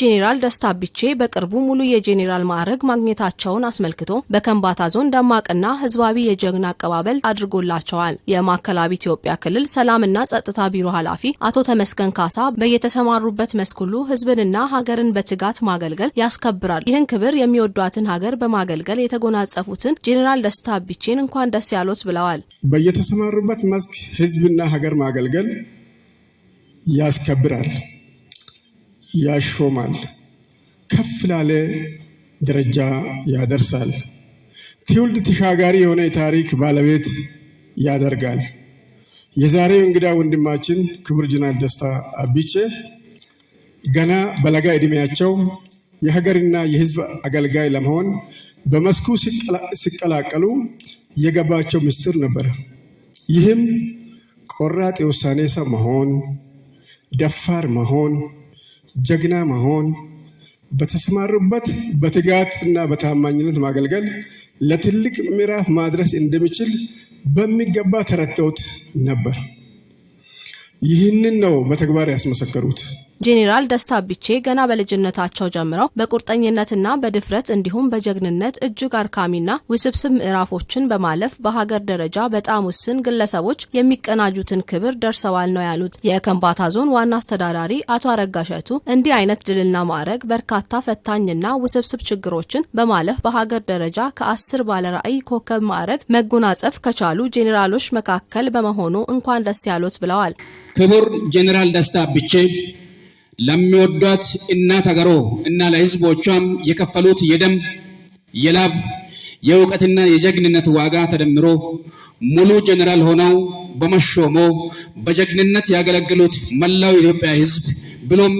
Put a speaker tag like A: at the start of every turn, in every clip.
A: ጄኔራል ደስታ ቢቼ በቅርቡ ሙሉ የጄኔራል ማዕረግ ማግኘታቸውን አስመልክቶ በከንባታ ዞን ደማቅና ህዝባዊ የጀግና አቀባበል አድርጎላቸዋል። የማዕከላዊ ኢትዮጵያ ክልል ሰላምና ጸጥታ ቢሮ ኃላፊ አቶ ተመስገን ካሳ በየተሰማሩበት መስክ ሁሉ ህዝብንና ሀገርን በትጋት ማገልገል ያስከብራል። ይህን ክብር የሚወዷትን ሀገር በማገልገል የተጎናጸፉትን ጄኔራል ደስታ አቢቼን እንኳን ደስ ያሎት ብለዋል።
B: በየተሰማሩበት መስክ ህዝብና ሀገር ማገልገል ያስከብራል ያሾማል፣ ከፍ ላለ ደረጃ ያደርሳል፣ ትውልድ ተሻጋሪ የሆነ የታሪክ ባለቤት ያደርጋል። የዛሬው እንግዳ ወንድማችን ክቡር ጀነራል ደስታ አብቼ ገና በለጋ ዕድሜያቸው የሀገርና የሕዝብ አገልጋይ ለመሆን በመስኩ ሲቀላቀሉ የገባቸው ምስጢር ነበር። ይህም ቆራጥ የውሳኔ ሰው መሆን፣ ደፋር መሆን ጀግና መሆን፣ በተሰማሩበት በትጋትና በታማኝነት ማገልገል ለትልቅ ምዕራፍ ማድረስ እንደሚችል በሚገባ ተረድተውት ነበር። ይህንን ነው በተግባር ያስመሰከሩት።
A: ጄኔራል ደስታ ቢቼ ገና በልጅነታቸው ጀምረው በቁርጠኝነትና በድፍረት እንዲሁም በጀግንነት እጅግ አርካሚና ውስብስብ ምዕራፎችን በማለፍ በሀገር ደረጃ በጣም ውስን ግለሰቦች የሚቀናጁትን ክብር ደርሰዋል ነው ያሉት የከንባታ ዞን ዋና አስተዳዳሪ አቶ አረጋሸቱ እንዲህ አይነት ድልና ማዕረግ በርካታ ፈታኝና ውስብስብ ችግሮችን በማለፍ በሀገር ደረጃ ከአስር ባለራዕይ ኮከብ ማዕረግ መጎናጸፍ ከቻሉ ጄኔራሎች መካከል በመሆኑ እንኳን ደስ ያሉት ብለዋል።
C: ክቡር ጄኔራል ደስታ ቢቼ ለሚወዷት እናት አገሮ እና ለህዝቦቿም የከፈሉት የደም የላብ የእውቀትና የጀግንነት ዋጋ ተደምሮ ሙሉ ጀነራል ሆነው በመሾሞ በጀግንነት ያገለግሉት መላው የኢትዮጵያ ህዝብ ብሎም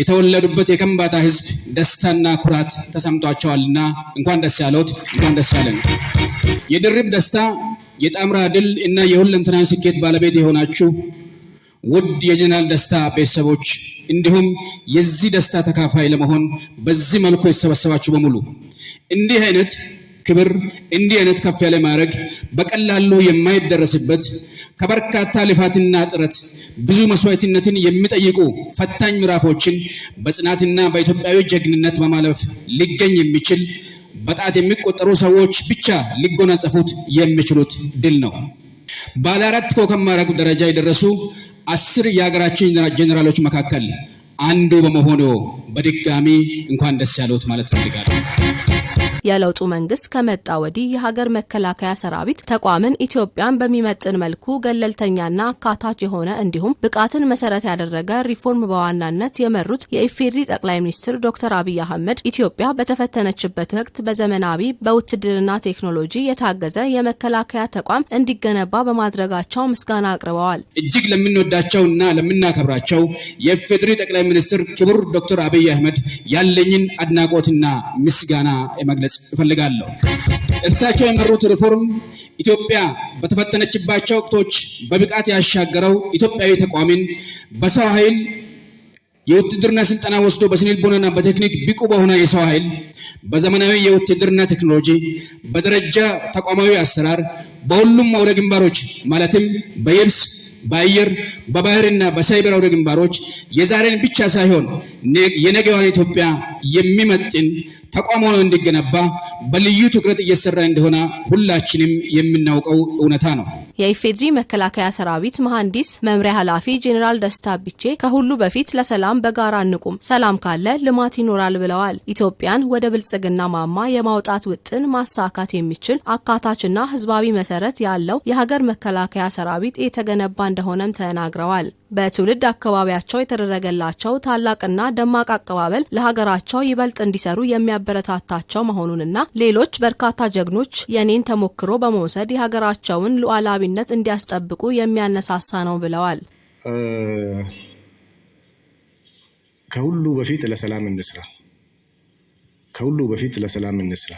C: የተወለዱበት የከምባታ ህዝብ ደስታና ኩራት ተሰምቷቸዋልና እንኳን ደስ ያለውት እንኳን ደስ ያለን። የድርብ ደስታ የጣምራ ድል እና የሁለንተናዊ ስኬት ባለቤት የሆናችሁ ውድ የጀነራል ደስታ ቤተሰቦች እንዲሁም የዚህ ደስታ ተካፋይ ለመሆን በዚህ መልኩ የተሰበሰባችሁ በሙሉ እንዲህ አይነት ክብር እንዲህ አይነት ከፍ ያለ ማድረግ በቀላሉ የማይደረስበት ከበርካታ ልፋትና ጥረት ብዙ መስዋዕትነትን የሚጠይቁ ፈታኝ ምዕራፎችን በጽናትና በኢትዮጵያዊ ጀግንነት በማለፍ ሊገኝ የሚችል በጣት የሚቆጠሩ ሰዎች ብቻ ሊጎናጸፉት የሚችሉት ድል ነው። ባለ አራት ኮከብ ማዕረግ ደረጃ የደረሱ አስር የሀገራችን ጀኔራሎች መካከል አንዱ በመሆኑ በድጋሚ እንኳን ደስ ያለዎት ማለት ፈልጋለሁ።
A: የለውጡ መንግስት ከመጣ ወዲህ የሀገር መከላከያ ሰራዊት ተቋምን ኢትዮጵያን በሚመጥን መልኩ ገለልተኛና አካታች የሆነ እንዲሁም ብቃትን መሰረት ያደረገ ሪፎርም በዋናነት የመሩት የኢፌዴሪ ጠቅላይ ሚኒስትር ዶክተር አብይ አህመድ ኢትዮጵያ በተፈተነችበት ወቅት በዘመናዊ በውትድርና ቴክኖሎጂ የታገዘ የመከላከያ ተቋም እንዲገነባ በማድረጋቸው ምስጋና አቅርበዋል።
C: እጅግ ለምንወዳቸው እና ለምናከብራቸው የኢፌዴሪ ጠቅላይ ሚኒስትር ክቡር ዶክተር አብይ አህመድ ያለኝን አድናቆትና ምስጋና የመግለጽ እፈልጋለሁ። እርሳቸው የመሩት ሪፎርም ኢትዮጵያ በተፈተነችባቸው ወቅቶች በብቃት ያሻገረው ኢትዮጵያዊ ተቋሚን በሰው ኃይል የውትድርና ስልጠና ወስዶ በስነ በቴክኒክ ብቁ በሆነ የሰው ኃይል በዘመናዊ የውትድርና ቴክኖሎጂ በደረጃ ተቋማዊ አሰራር በሁሉም አውደ ግንባሮች ማለትም በየብስ በአየር በባህርና በሳይበር አውደ ግንባሮች የዛሬን ብቻ ሳይሆን የነገዋን ኢትዮጵያ የሚመጥን ተቋም ሆኖ እንዲገነባ በልዩ ትኩረት እየሰራ እንደሆነ ሁላችንም የምናውቀው እውነታ ነው።
A: የኢፌድሪ መከላከያ ሰራዊት መሐንዲስ መምሪያ ኃላፊ ጄኔራል ደስታ ቢቼ ከሁሉ በፊት ለሰላም በጋራ እንቁም፣ ሰላም ካለ ልማት ይኖራል ብለዋል። ኢትዮጵያን ወደ ብልጽግና ማማ የማውጣት ውጥን ማሳካት የሚችል አካታችና ህዝባዊ መሰረት ያለው የሀገር መከላከያ ሰራዊት የተገነባ እንደሆነም ተናግረዋል። በትውልድ አካባቢያቸው የተደረገላቸው ታላቅና ደማቅ አቀባበል ለሀገራቸው ይበልጥ እንዲሰሩ የሚያበረታታቸው መሆኑንና ሌሎች በርካታ ጀግኖች የኔን ተሞክሮ በመውሰድ የሀገራቸውን ሉዓላዊነት እንዲያስጠብቁ የሚያነሳሳ ነው ብለዋል።
B: ከሁሉ በፊት ለሰላም እንስራ፣ ከሁሉ በፊት ለሰላም እንስራ።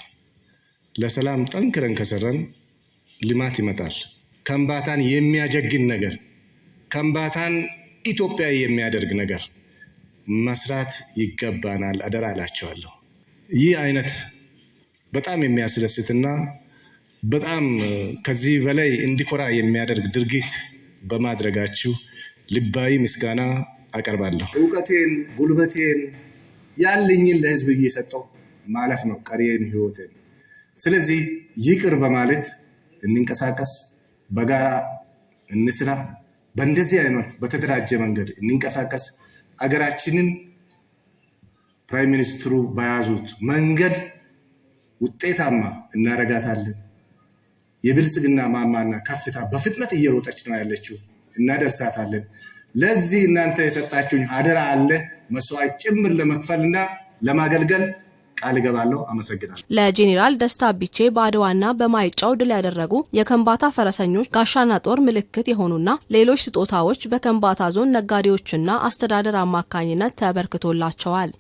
B: ለሰላም ጠንክረን ከሰረን ልማት ይመጣል። ከንባታን የሚያጀግን ነገር ከምባታን ኢትዮጵያዊ የሚያደርግ ነገር መስራት ይገባናል፣ አደራ አላቸዋለሁ። ይህ አይነት በጣም የሚያስደስትና በጣም ከዚህ በላይ እንዲኮራ የሚያደርግ ድርጊት በማድረጋችሁ ልባዊ ምስጋና አቀርባለሁ።
C: እውቀቴን፣ ጉልበቴን፣ ያለኝን ለህዝብ እየሰጠው ማለፍ ነው ቀሪን ህይወቴን። ስለዚህ ይቅር በማለት እንንቀሳቀስ፣ በጋራ እንስራ። በእንደዚህ አይነት በተደራጀ መንገድ እንንቀሳቀስ። አገራችንን ፕራይም ሚኒስትሩ በያዙት መንገድ ውጤታማ እናረጋታለን። የብልጽግና ማማና ከፍታ በፍጥነት እየሮጠች ነው ያለችው፣ እናደርሳታለን። ለዚህ እናንተ የሰጣችሁኝ አደራ አለ መስዋዕት ጭምር ለመክፈልና ለማገልገል ቃል እገባለሁ። አመሰግናለሁ።
A: ለጄኔራል ደስታ ቢቼ በአድዋና በማይጫው ድል ያደረጉ የከንባታ ፈረሰኞች ጋሻና ጦር ምልክት የሆኑና ሌሎች ስጦታዎች በከንባታ ዞን ነጋዴዎችና አስተዳደር አማካኝነት ተበርክቶላቸዋል።